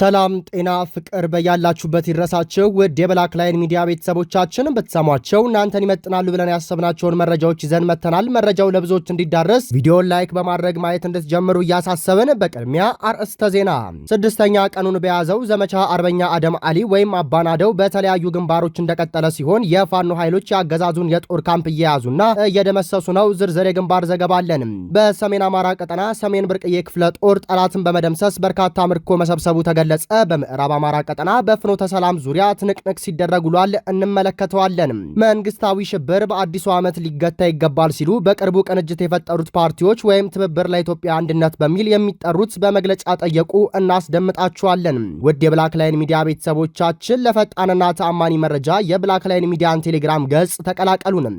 ሰላም ጤና ፍቅር በያላችሁበት ይድረሳችሁ። ውድ የብላክ ላይን ሚዲያ ቤተሰቦቻችን ብትሰሟቸው እናንተን ይመጥናሉ ብለን ያሰብናቸውን መረጃዎች ይዘን መተናል። መረጃው ለብዙዎች እንዲዳረስ ቪዲዮን ላይክ በማድረግ ማየት እንድትጀምሩ እያሳሰብን በቅድሚያ አርዕስተ ዜና። ስድስተኛ ቀኑን በያዘው ዘመቻ አርበኛ አደም አሊ ወይም አባናደው በተለያዩ ግንባሮች እንደቀጠለ ሲሆን የፋኖ ኃይሎች የአገዛዙን የጦር ካምፕ እየያዙና እየደመሰሱ ነው። ዝርዝር የግንባር ዘገባ አለን። በሰሜን አማራ ቀጠና ሰሜን ብርቅዬ ክፍለ ጦር ጠላትን በመደምሰስ በርካታ ምርኮ መሰብሰቡ ተገለ ገለጸ። በምዕራብ አማራ ቀጠና በፍኖተ ሰላም ዙሪያ ትንቅንቅ ሲደረግ ውሏል። እንመለከተዋለን። መንግስታዊ ሽብር በአዲሱ ዓመት ሊገታ ይገባል ሲሉ በቅርቡ ቅንጅት የፈጠሩት ፓርቲዎች ወይም ትብብር ለኢትዮጵያ አንድነት በሚል የሚጠሩት በመግለጫ ጠየቁ። እናስደምጣችኋለን። ውድ የብላክ ላይን ሚዲያ ቤተሰቦቻችን ለፈጣንና ተአማኒ መረጃ የብላክ ላይን ሚዲያን ቴሌግራም ገጽ ተቀላቀሉንም።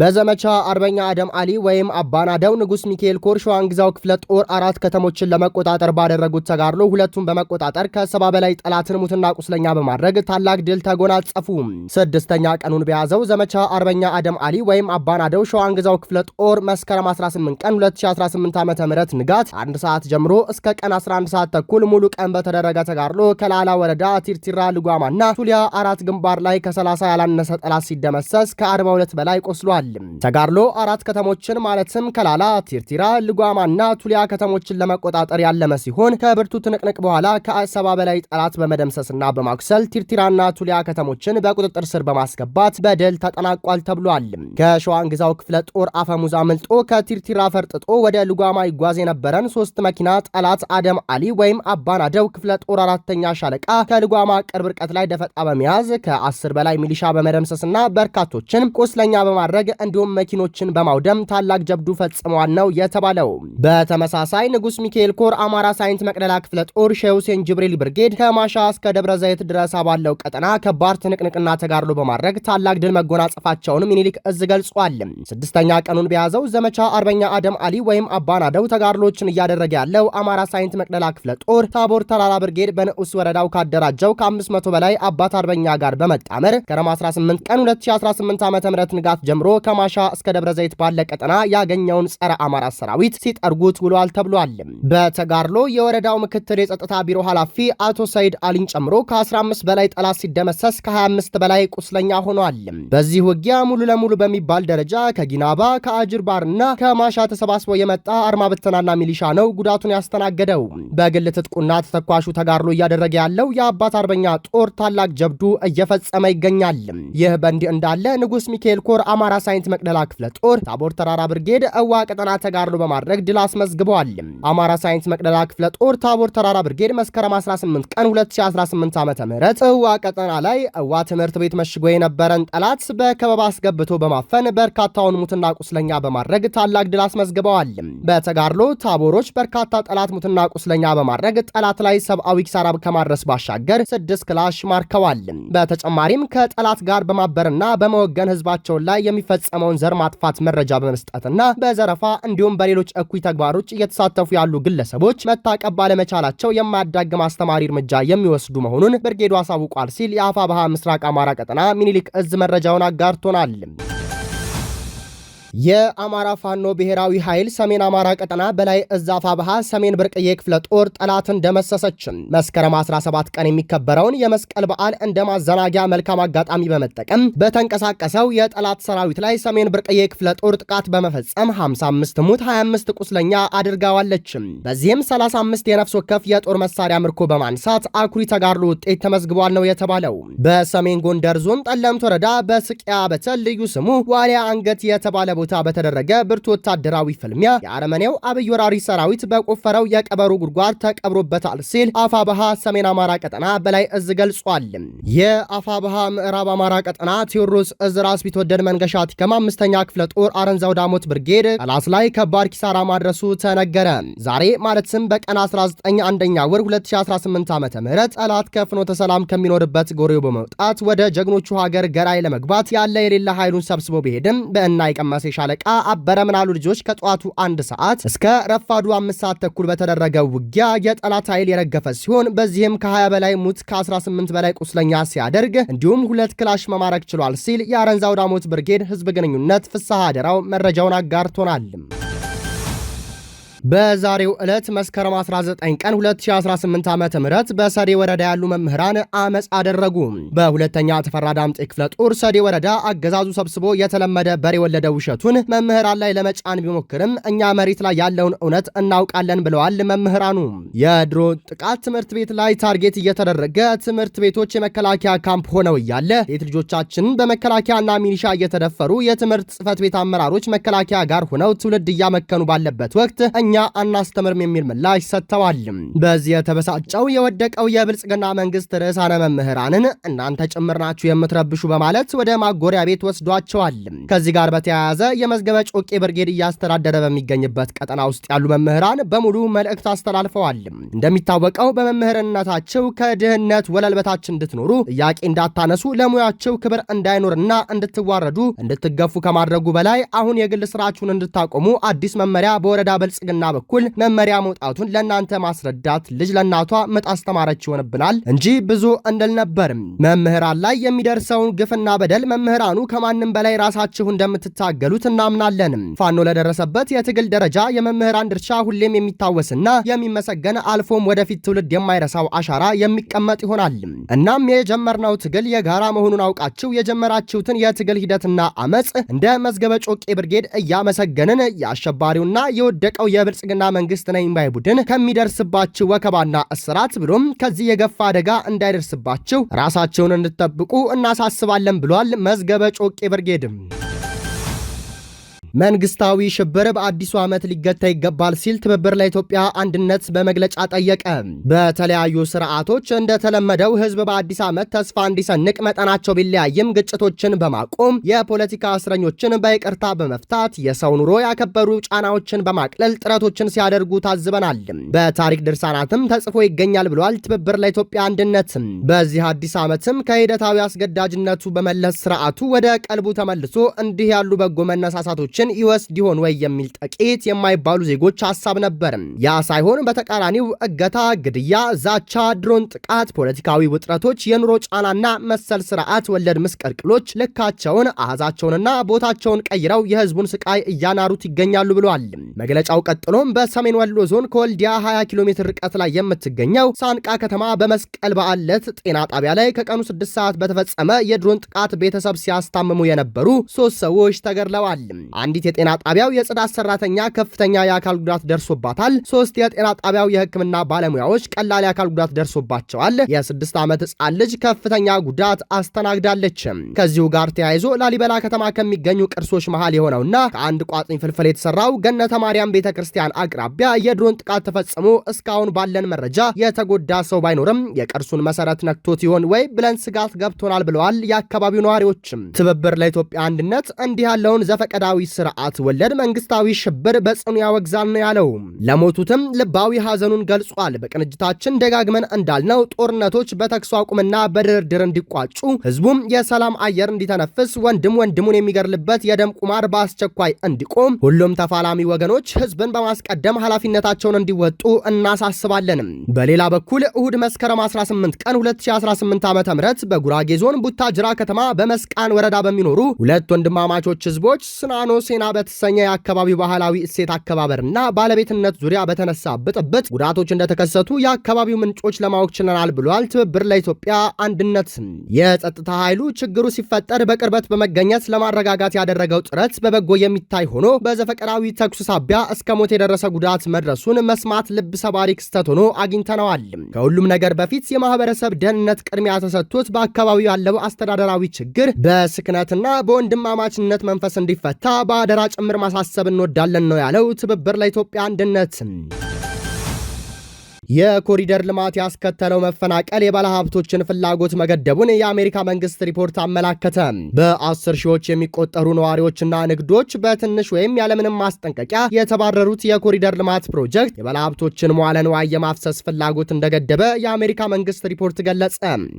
በዘመቻ አርበኛ አደም አሊ ወይም አባናደው ንጉስ ሚካኤል ኮር ሸዋንግዛው ክፍለ ጦር አራት ከተሞችን ለመቆጣጠር ባደረጉት ተጋድሎ ሁለቱን በመቆጣጠር ከሰባ በላይ ጠላትን ሙትና ቁስለኛ በማድረግ ታላቅ ድል ተጎናጸፉ። ስድስተኛ ቀኑን በያዘው ዘመቻ አርበኛ አደም አሊ ወይም አባናደው ሸዋንግዛው ክፍለ ጦር መስከረም 18 ቀን 2018 ዓ ም ንጋት አንድ ሰዓት ጀምሮ እስከ ቀን 11 ሰዓት ተኩል ሙሉ ቀን በተደረገ ተጋድሎ ከላላ ወረዳ ቲርቲራ ልጓማና ቱሊያ አራት ግንባር ላይ ከ30 ያላነሰ ጠላት ሲደመሰስ ከ42 በላይ ቆስሏል። ተናግረዋል። ተጋድሎ አራት ከተሞችን ማለትም ከላላ፣ ቲርቲራ፣ ልጓማና ቱሊያ ከተሞችን ለመቆጣጠር ያለመ ሲሆን ከብርቱ ትንቅንቅ በኋላ ከሰባ በላይ ጠላት በመደምሰስና በማኩሰል ቲርቲራና ቱሊያ ከተሞችን በቁጥጥር ስር በማስገባት በድል ተጠናቋል ተብሏል። ከሸዋን ግዛው ክፍለ ጦር አፈሙዝ አምልጦ ከቲርቲራ ፈርጥጦ ወደ ልጓማ ይጓዝ የነበረን ሶስት መኪና ጠላት አደም አሊ ወይም አባናደው ክፍለ ጦር አራተኛ ሻለቃ ከልጓማ ቅርብ ርቀት ላይ ደፈጣ በመያዝ ከአስር በላይ ሚሊሻ በመደምሰስና በርካቶችን ቁስለኛ በማድረግ እንዲሁም መኪኖችን በማውደም ታላቅ ጀብዱ ፈጽመዋል ነው የተባለው። በተመሳሳይ ንጉስ ሚካኤል ኮር አማራ ሳይንት መቅደላ ክፍለ ጦር ሼህ ሁሴን ጅብሪል ብርጌድ ከማሻ እስከ ደብረ ዘይት ድረስ ባለው ቀጠና ከባድ ትንቅንቅና ተጋድሎ በማድረግ ታላቅ ድል መጎናጸፋቸውን ሚኒሊክ እዝ ገልጿል። ስድስተኛ ቀኑን በያዘው ዘመቻ አርበኛ አደም አሊ ወይም አባናደው ተጋድሎችን እያደረገ ያለው አማራ ሳይንት መቅደላ ክፍለ ጦር ታቦር ተራራ ብርጌድ በንዑስ ወረዳው ካደራጀው ከ500 በላይ አባት አርበኛ ጋር በመጣመር ከረማ 18 ቀን 2018 ዓ ም ንጋት ጀምሮ ከማሻ እስከ ደብረ ዘይት ባለ ቀጠና ያገኘውን ጸረ አማራ ሰራዊት ሲጠርጉት ውሏል ተብሏል። በተጋድሎ የወረዳው ምክትል የጸጥታ ቢሮ ኃላፊ አቶ ሰይድ አሊን ጨምሮ ከ15 በላይ ጠላት ሲደመሰስ ከ25 በላይ ቁስለኛ ሆኗል። በዚህ ውጊያ ሙሉ ለሙሉ በሚባል ደረጃ ከጊናባ ከአጅር ባርና ከማሻ ተሰባስበው የመጣ አርማ ብተናና ሚሊሻ ነው ጉዳቱን ያስተናገደው። በግል ትጥቁና ተተኳሹ ተጋድሎ እያደረገ ያለው የአባት አርበኛ ጦር ታላቅ ጀብዱ እየፈጸመ ይገኛል። ይህ በእንዲህ እንዳለ ንጉስ ሚካኤል ኮር አማራ ሳይንት መቅደላ ክፍለ ጦር ታቦር ተራራ ብርጌድ እዋ ቀጠና ተጋድሎ በማድረግ ድል አስመዝግበዋል። አማራ ሳይንስ መቅደላ ክፍለ ጦር ታቦር ተራራ ብርጌድ መስከረም 18 ቀን 2018 ዓ ም እዋ ቀጠና ላይ እዋ ትምህርት ቤት መሽጎ የነበረን ጠላት በከበባ አስገብቶ በማፈን በርካታውን ሙትና ቁስለኛ በማድረግ ታላቅ ድል አስመዝግበዋል። በተጋድሎ ታቦሮች በርካታ ጠላት ሙትና ቁስለኛ በማድረግ ጠላት ላይ ሰብአዊ ኪሳራ ከማድረስ ባሻገር ስድስት ክላሽ ማርከዋል። በተጨማሪም ከጠላት ጋር በማበርና በመወገን ህዝባቸውን ላይ የሚፈ የተፈጸመውን ዘር ማጥፋት መረጃ በመስጠትና በዘረፋ እንዲሁም በሌሎች እኩይ ተግባሮች እየተሳተፉ ያሉ ግለሰቦች መታቀብ ባለመቻላቸው የማያዳግም አስተማሪ እርምጃ የሚወስዱ መሆኑን ብርጌዱ አሳውቋል ሲል የአፋ ባህ ምስራቅ አማራ ቀጠና ሚኒሊክ እዝ መረጃውን አጋርቶናል። የአማራ ፋኖ ብሔራዊ ኃይል ሰሜን አማራ ቀጠና በላይ እዝ አፋብሃ ሰሜን ብርቅዬ ክፍለ ጦር ጠላትን ደመሰሰችን። መስከረም 17 ቀን የሚከበረውን የመስቀል በዓል እንደ ማዘናጊያ መልካም አጋጣሚ በመጠቀም በተንቀሳቀሰው የጠላት ሰራዊት ላይ ሰሜን ብርቅዬ ክፍለ ጦር ጥቃት በመፈጸም 55 ሙት 25 ቁስለኛ አድርጋዋለችም። በዚህም 35 የነፍስ ወከፍ የጦር መሳሪያ ምርኮ በማንሳት አኩሪ ተጋድሎ ውጤት ተመዝግቧል ነው የተባለው። በሰሜን ጎንደር ዞን ጠለምት ወረዳ በስቅያ በተል ልዩ ስሙ ዋሊያ አንገት የተባለ ቦታ በተደረገ ብርቱ ወታደራዊ ፍልሚያ የአረመኔው አብይ ወራሪ ሰራዊት በቆፈረው የቀበሮ ጉድጓድ ተቀብሮበታል ሲል አፋባሃ ሰሜን አማራ ቀጠና በላይ እዝ ገልጿል። የአፋባሃ ምዕራብ አማራ ቀጠና ቴዎድሮስ እዝ ራስ ቢትወደድ መንገሻ ቲከማ አምስተኛ ክፍለ ጦር አረንዛው ዳሞት ብርጌድ ጠላት ላይ ከባድ ኪሳራ ማድረሱ ተነገረ። ዛሬ ማለትም በቀን 19 አንደኛ ወር 2018 ዓ.ም ጠላት ከፍኖተ ሰላም ከሚኖርበት ጎሬው በመውጣት ወደ ጀግኖቹ ሀገር ገራይ ለመግባት ያለ የሌላ ኃይሉን ሰብስቦ ቢሄድም በእና የቀመሰ ሻለቃ አበረ ምናሉ ልጆች ከጠዋቱ አንድ ሰዓት እስከ ረፋዱ አምስት ሰዓት ተኩል በተደረገ ውጊያ የጠላት ኃይል የረገፈ ሲሆን በዚህም ከ20 በላይ ሙት ከ18 በላይ ቁስለኛ ሲያደርግ እንዲሁም ሁለት ክላሽ መማረክ ችሏል ሲል የአረንዛው ዳሞት ብርጌድ ህዝብ ግንኙነት ፍስሐ አደራው መረጃውን አጋርቶናል። በዛሬው ዕለት መስከረም 19 ቀን 2018 ዓ ም በሰዴ ወረዳ ያሉ መምህራን አመፅ አደረጉ። በሁለተኛ ተፈራ ዳምጤ ክፍለ ጦር ሰዴ ወረዳ አገዛዙ ሰብስቦ የተለመደ በሬ ወለደ ውሸቱን መምህራን ላይ ለመጫን ቢሞክርም እኛ መሬት ላይ ያለውን እውነት እናውቃለን ብለዋል መምህራኑ። የድሮ ጥቃት ትምህርት ቤት ላይ ታርጌት እየተደረገ ትምህርት ቤቶች የመከላከያ ካምፕ ሆነው እያለ ሴት ልጆቻችን በመከላከያና ሚኒሻ እየተደፈሩ የትምህርት ጽህፈት ቤት አመራሮች መከላከያ ጋር ሆነው ትውልድ እያመከኑ ባለበት ወቅት እኛ አናስተምርም የሚል ምላሽ ሰጥተዋል። በዚህ የተበሳጨው የወደቀው የብልጽግና መንግስት ርዕሳነ መምህራንን እናንተ ጭምር ናችሁ የምትረብሹ በማለት ወደ ማጎሪያ ቤት ወስዷቸዋል። ከዚህ ጋር በተያያዘ የመዝገበ ጮቄ ብርጌድ እያስተዳደረ በሚገኝበት ቀጠና ውስጥ ያሉ መምህራን በሙሉ መልእክት አስተላልፈዋል። እንደሚታወቀው በመምህርነታቸው ከድህነት ወለል በታች እንድትኖሩ ጥያቄ እንዳታነሱ፣ ለሙያቸው ክብር እንዳይኖርና እንድትዋረዱ እንድትገፉ ከማድረጉ በላይ አሁን የግል ስራችሁን እንድታቆሙ አዲስ መመሪያ በወረዳ ብልጽግና በብልጽግና በኩል መመሪያ መውጣቱን ለእናንተ ማስረዳት ልጅ ለእናቷ ምጥ አስተማረች ይሆንብናል እንጂ ብዙ እንደልነበርም። መምህራን ላይ የሚደርሰውን ግፍና በደል መምህራኑ ከማንም በላይ ራሳችሁ እንደምትታገሉት እናምናለንም። ፋኖ ለደረሰበት የትግል ደረጃ የመምህራን ድርሻ ሁሌም የሚታወስና የሚመሰገን አልፎም ወደፊት ትውልድ የማይረሳው አሻራ የሚቀመጥ ይሆናል። እናም የጀመርነው ትግል የጋራ መሆኑን አውቃችሁ የጀመራችሁትን የትግል ሂደትና አመፅ እንደ መዝገበ ጮቄ ብርጌድ እያመሰገንን የአሸባሪውና የወደቀው የብር የብልጽግና መንግስት ነኝ ባይ ቡድን ከሚደርስባችሁ ወከባና እስራት ብሎም ከዚህ የገፋ አደጋ እንዳይደርስባችሁ ራሳቸውን እንድትጠብቁ እናሳስባለን ብሏል መዝገበ ጮቄ ብርጌድም። መንግስታዊ ሽብር በአዲሱ ዓመት ሊገታ ይገባል ሲል ትብብር ለኢትዮጵያ አንድነት በመግለጫ ጠየቀ። በተለያዩ ስርዓቶች እንደተለመደው ህዝብ በአዲስ ዓመት ተስፋ እንዲሰንቅ መጠናቸው ቢለያይም ግጭቶችን በማቆም የፖለቲካ እስረኞችን በይቅርታ በመፍታት የሰው ኑሮ ያከበሩ ጫናዎችን በማቅለል ጥረቶችን ሲያደርጉ ታዝበናል። በታሪክ ድርሳናትም ተጽፎ ይገኛል ብሏል ትብብር ለኢትዮጵያ አንድነት። በዚህ አዲስ ዓመትም ከሂደታዊ አስገዳጅነቱ በመለስ ስርዓቱ ወደ ቀልቡ ተመልሶ እንዲህ ያሉ በጎ መነሳሳቶችን ዜጎችን ይወስድ ይሆን ወይ የሚል ጥቂት የማይባሉ ዜጎች ሀሳብ ነበር። ያ ሳይሆን በተቃራኒው እገታ፣ ግድያ፣ ዛቻ፣ ድሮን ጥቃት፣ ፖለቲካዊ ውጥረቶች፣ የኑሮ ጫናና መሰል ስርዓት ወለድ ምስቀልቅሎች ልካቸውን አህዛቸውንና ቦታቸውን ቀይረው የህዝቡን ስቃይ እያናሩት ይገኛሉ ብለዋል። መግለጫው ቀጥሎም በሰሜን ወሎ ዞን ከወልዲያ 20 ኪሎ ሜትር ርቀት ላይ የምትገኘው ሳንቃ ከተማ በመስቀል በዓል ዕለት ጤና ጣቢያ ላይ ከቀኑ 6 ሰዓት በተፈጸመ የድሮን ጥቃት ቤተሰብ ሲያስታምሙ የነበሩ ሶስት ሰዎች ተገድለዋል። አንዲት የጤና ጣቢያው የጽዳት ሰራተኛ ከፍተኛ የአካል ጉዳት ደርሶባታል። ሶስት የጤና ጣቢያው የህክምና ባለሙያዎች ቀላል የአካል ጉዳት ደርሶባቸዋል። የስድስት ዓመት ህጻን ልጅ ከፍተኛ ጉዳት አስተናግዳለች። ከዚሁ ጋር ተያይዞ ላሊበላ ከተማ ከሚገኙ ቅርሶች መሃል የሆነውና ከአንድ ቋጥኝ ፍልፍል የተሰራው ገነተ ማርያም ቤተ ክርስቲያን አቅራቢያ የድሮን ጥቃት ተፈጽሞ እስካሁን ባለን መረጃ የተጎዳ ሰው ባይኖርም የቅርሱን መሰረት ነክቶት ይሆን ወይ ብለን ስጋት ገብቶናል ብለዋል የአካባቢው ነዋሪዎችም። ትብብር ለኢትዮጵያ አንድነት እንዲህ ያለውን ዘፈቀዳዊ ስርዓት ወለድ መንግስታዊ ሽብር በጽኑ ያወግዛል ነው ያለው። ለሞቱትም ልባዊ ሐዘኑን ገልጿል። በቅንጅታችን ደጋግመን እንዳልነው ጦርነቶች በተኩስ አቁምና በድርድር እንዲቋጩ፣ ህዝቡም የሰላም አየር እንዲተነፍስ፣ ወንድም ወንድሙን የሚገድልበት የደም ቁማር በአስቸኳይ እንዲቆም፣ ሁሉም ተፋላሚ ወገኖች ህዝብን በማስቀደም ኃላፊነታቸውን እንዲወጡ እናሳስባለን። በሌላ በኩል እሁድ መስከረም 18 ቀን 2018 ዓ ም በጉራጌ ዞን ቡታጅራ ከተማ በመስቃን ወረዳ በሚኖሩ ሁለት ወንድማማቾች ህዝቦች ስናኖስ። ሴና በተሰኘ የአካባቢው ባህላዊ እሴት አከባበርና ባለቤትነት ዙሪያ በተነሳ ብጥብጥ ጉዳቶች እንደተከሰቱ የአካባቢው ምንጮች ለማወቅ ችለናል ብሏል። ትብብር ለኢትዮጵያ አንድነት የጸጥታ ኃይሉ ችግሩ ሲፈጠር በቅርበት በመገኘት ለማረጋጋት ያደረገው ጥረት በበጎ የሚታይ ሆኖ በዘፈቀራዊ ተኩስ ሳቢያ እስከ ሞት የደረሰ ጉዳት መድረሱን መስማት ልብ ሰባሪ ክስተት ሆኖ አግኝተነዋል። ከሁሉም ነገር በፊት የማህበረሰብ ደህንነት ቅድሚያ ተሰጥቶት በአካባቢው ያለው አስተዳደራዊ ችግር በስክነትና በወንድማማችነት መንፈስ እንዲፈታ አደራ ጭምር ማሳሰብ እንወዳለን ነው ያለው። ትብብር ለኢትዮጵያ አንድነት የኮሪደር ልማት ያስከተለው መፈናቀል የባለሀብቶችን ፍላጎት መገደቡን የአሜሪካ መንግስት ሪፖርት አመላከተ። በአስር ሺዎች የሚቆጠሩ ነዋሪዎችና ንግዶች በትንሽ ወይም ያለምንም ማስጠንቀቂያ የተባረሩት የኮሪደር ልማት ፕሮጀክት የባለሀብቶችን መዋለ ንዋይ የማፍሰስ ፍላጎት እንደገደበ የአሜሪካ መንግስት ሪፖርት ገለጸ።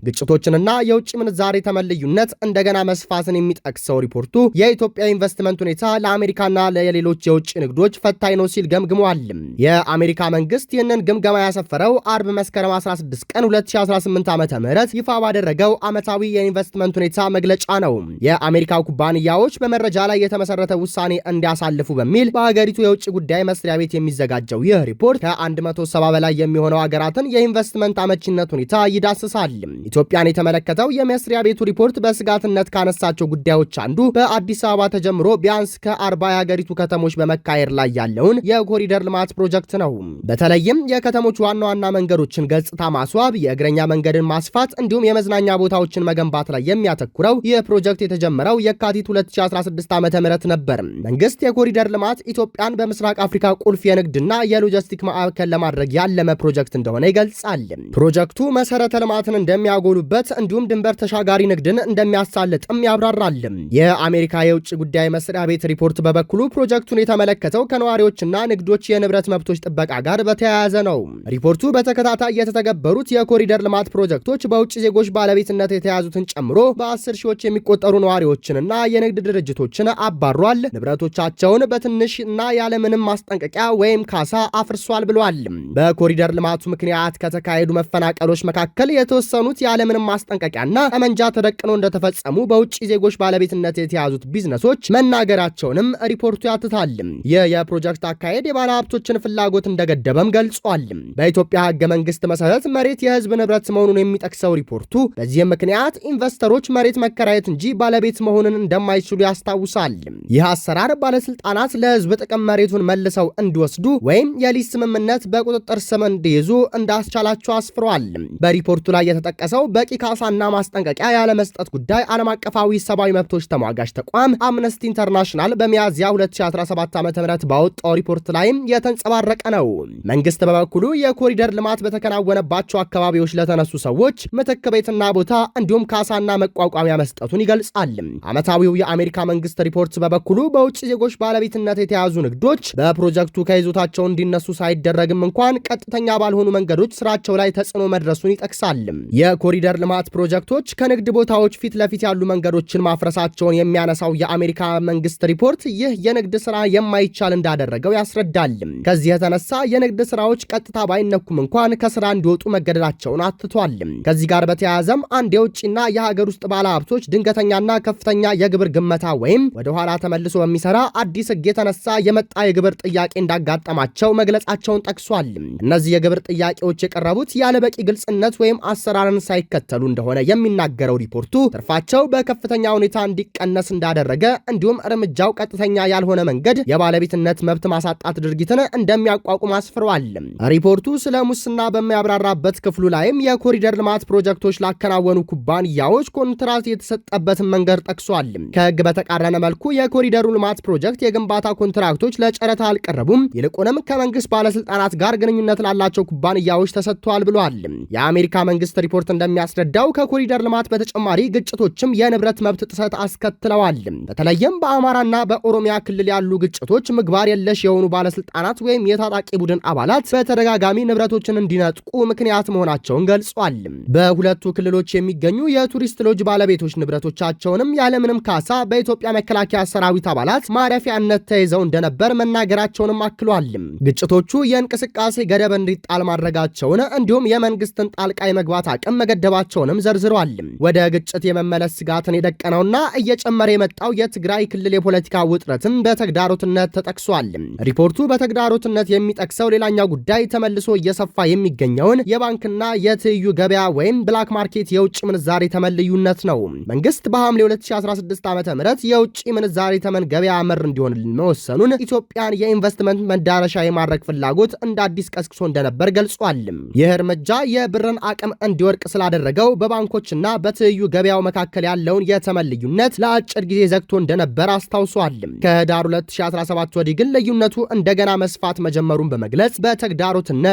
ግጭቶችንና የውጭ ምንዛሬ ተመልዩነት እንደገና መስፋትን የሚጠቅሰው ሪፖርቱ የኢትዮጵያ ኢንቨስትመንት ሁኔታ ለአሜሪካና ለሌሎች የውጭ ንግዶች ፈታኝ ነው ሲል ገምግሟል። የአሜሪካ መንግስት ይህንን ግምገማ ያስከፈረው አርብ መስከረም 16 ቀን 2018 ዓ ም ይፋ ባደረገው ዓመታዊ የኢንቨስትመንት ሁኔታ መግለጫ ነው። የአሜሪካ ኩባንያዎች በመረጃ ላይ የተመሰረተ ውሳኔ እንዲያሳልፉ በሚል በሀገሪቱ የውጭ ጉዳይ መስሪያ ቤት የሚዘጋጀው ይህ ሪፖርት ከ170 በላይ የሚሆነው ሀገራትን የኢንቨስትመንት አመቺነት ሁኔታ ይዳስሳል። ኢትዮጵያን የተመለከተው የመስሪያ ቤቱ ሪፖርት በስጋትነት ካነሳቸው ጉዳዮች አንዱ በአዲስ አበባ ተጀምሮ ቢያንስ ከ40 የሀገሪቱ ከተሞች በመካሄድ ላይ ያለውን የኮሪደር ልማት ፕሮጀክት ነው። በተለይም የከተሞቹ ዋና ዋና መንገዶችን ገጽታ ማስዋብ፣ የእግረኛ መንገድን ማስፋት እንዲሁም የመዝናኛ ቦታዎችን መገንባት ላይ የሚያተኩረው ይህ ፕሮጀክት የተጀመረው የካቲት 2016 ዓ ም ነበር። መንግስት የኮሪደር ልማት ኢትዮጵያን በምስራቅ አፍሪካ ቁልፍ የንግድና የሎጂስቲክ ማዕከል ለማድረግ ያለመ ፕሮጀክት እንደሆነ ይገልጻል። ፕሮጀክቱ መሰረተ ልማትን እንደሚያጎሉበት እንዲሁም ድንበር ተሻጋሪ ንግድን እንደሚያሳልጥም ያብራራል። የአሜሪካ የውጭ ጉዳይ መስሪያ ቤት ሪፖርት በበኩሉ ፕሮጀክቱን የተመለከተው ከነዋሪዎችና ንግዶች የንብረት መብቶች ጥበቃ ጋር በተያያዘ ነው። ሪፖርቱ በተከታታይ የተተገበሩት የኮሪደር ልማት ፕሮጀክቶች በውጭ ዜጎች ባለቤትነት የተያዙትን ጨምሮ በአስር ሺዎች የሚቆጠሩ ነዋሪዎችንና የንግድ ድርጅቶችን አባሯል። ንብረቶቻቸውን በትንሽ እና ያለምንም ማስጠንቀቂያ ወይም ካሳ አፍርሷል ብሏል። በኮሪደር ልማቱ ምክንያት ከተካሄዱ መፈናቀሎች መካከል የተወሰኑት ያለምንም ማስጠንቀቂያና ጠመንጃ ተደቅኖ እንደተፈጸሙ በውጭ ዜጎች ባለቤትነት የተያዙት ቢዝነሶች መናገራቸውንም ሪፖርቱ ያትታል። ይህ የፕሮጀክት አካሄድ የባለሀብቶችን ፍላጎት እንደገደበም ገልጿል። በኢትዮጵያ ህገ መንግስት መሰረት መሬት የህዝብ ንብረት መሆኑን የሚጠቅሰው ሪፖርቱ በዚህም ምክንያት ኢንቨስተሮች መሬት መከራየት እንጂ ባለቤት መሆንን እንደማይችሉ ያስታውሳል። ይህ አሰራር ባለስልጣናት ለህዝብ ጥቅም መሬቱን መልሰው እንዲወስዱ ወይም የሊዝ ስምምነት በቁጥጥር ስም እንዲይዙ እንዳስቻላቸው አስፍሯል። በሪፖርቱ ላይ የተጠቀሰው በቂ ካሳና ማስጠንቀቂያ ያለመስጠት ጉዳይ ዓለም አቀፋዊ ሰብአዊ መብቶች ተሟጋች ተቋም አምነስቲ ኢንተርናሽናል በሚያዝያ 2017 ዓ ም ባወጣው ሪፖርት ላይም የተንጸባረቀ ነው። መንግስት በበኩሉ የኮሪደር ልማት በተከናወነባቸው አካባቢዎች ለተነሱ ሰዎች ምትክ ቤትና ቦታ እንዲሁም ካሳና መቋቋሚያ መስጠቱን ይገልጻል። ዓመታዊው የአሜሪካ መንግስት ሪፖርት በበኩሉ በውጭ ዜጎች ባለቤትነት የተያዙ ንግዶች በፕሮጀክቱ ከይዞታቸው እንዲነሱ ሳይደረግም እንኳን ቀጥተኛ ባልሆኑ መንገዶች ስራቸው ላይ ተጽዕኖ መድረሱን ይጠቅሳል። የኮሪደር ልማት ፕሮጀክቶች ከንግድ ቦታዎች ፊት ለፊት ያሉ መንገዶችን ማፍረሳቸውን የሚያነሳው የአሜሪካ መንግስት ሪፖርት ይህ የንግድ ስራ የማይቻል እንዳደረገው ያስረዳል። ከዚህ የተነሳ የንግድ ስራዎች ቀጥታ ባይ ሳይነኩም እንኳን ከስራ እንዲወጡ መገደዳቸውን አትቷል። ከዚህ ጋር በተያያዘም አንድ የውጭና የሀገር ውስጥ ባለሀብቶች ድንገተኛና ከፍተኛ የግብር ግመታ ወይም ወደኋላ ተመልሶ በሚሰራ አዲስ ህግ የተነሳ የመጣ የግብር ጥያቄ እንዳጋጠማቸው መግለጻቸውን ጠቅሷል። እነዚህ የግብር ጥያቄዎች የቀረቡት ያለበቂ ግልጽነት ወይም አሰራርን ሳይከተሉ እንደሆነ የሚናገረው ሪፖርቱ ትርፋቸው በከፍተኛ ሁኔታ እንዲቀነስ እንዳደረገ እንዲሁም እርምጃው ቀጥተኛ ያልሆነ መንገድ የባለቤትነት መብት ማሳጣት ድርጊትን እንደሚያቋቁም አስፍሯል። ሪፖርቱ ስለ ሙስና በሚያብራራበት ክፍሉ ላይም የኮሪደር ልማት ፕሮጀክቶች ላከናወኑ ኩባንያዎች ኮንትራት የተሰጠበትን መንገድ ጠቅሷል። ከህግ በተቃረነ መልኩ የኮሪደሩ ልማት ፕሮጀክት የግንባታ ኮንትራክቶች ለጨረታ አልቀረቡም፣ ይልቁንም ከመንግስት ባለስልጣናት ጋር ግንኙነት ላላቸው ኩባንያዎች ተሰጥተዋል ብሏል። የአሜሪካ መንግስት ሪፖርት እንደሚያስረዳው ከኮሪደር ልማት በተጨማሪ ግጭቶችም የንብረት መብት ጥሰት አስከትለዋል። በተለይም በአማራና በኦሮሚያ ክልል ያሉ ግጭቶች ምግባር የለሽ የሆኑ ባለስልጣናት ወይም የታጣቂ ቡድን አባላት በተደጋጋሚ ንብረቶችን እንዲነጥቁ ምክንያት መሆናቸውን ገልጿል። በሁለቱ ክልሎች የሚገኙ የቱሪስት ሎጅ ባለቤቶች ንብረቶቻቸውንም ያለምንም ካሳ በኢትዮጵያ መከላከያ ሰራዊት አባላት ማረፊያነት ተይዘው እንደነበር መናገራቸውንም አክሏል። ግጭቶቹ የእንቅስቃሴ ገደብ እንዲጣል ማድረጋቸውን እንዲሁም የመንግስትን ጣልቃ የመግባት አቅም መገደባቸውንም ዘርዝሯል። ወደ ግጭት የመመለስ ስጋትን የደቀነውና እየጨመረ የመጣው የትግራይ ክልል የፖለቲካ ውጥረትም በተግዳሮትነት ተጠቅሷል። ሪፖርቱ በተግዳሮትነት የሚጠቅሰው ሌላኛው ጉዳይ ተመልሶ እየሰፋ የሚገኘውን የባንክና የትይዩ ገበያ ወይም ብላክ ማርኬት የውጭ ምንዛሬ ተመን ልዩነት ነው። መንግስት በሐምሌ 2016 ዓ ም የውጭ ምንዛሬ ተመን ገበያ መር እንዲሆን መወሰኑን ኢትዮጵያን የኢንቨስትመንት መዳረሻ የማድረግ ፍላጎት እንደ አዲስ ቀስቅሶ እንደነበር ገልጿል። ይህ እርምጃ የብርን አቅም እንዲወድቅ ስላደረገው በባንኮችና በትይዩ ገበያው መካከል ያለውን የተመን ልዩነት ለአጭር ጊዜ ዘግቶ እንደነበር አስታውሷል። ከህዳር 2017 ወዲህ ግን ልዩነቱ እንደገና መስፋት መጀመሩን በመግለጽ በተግዳሮትነት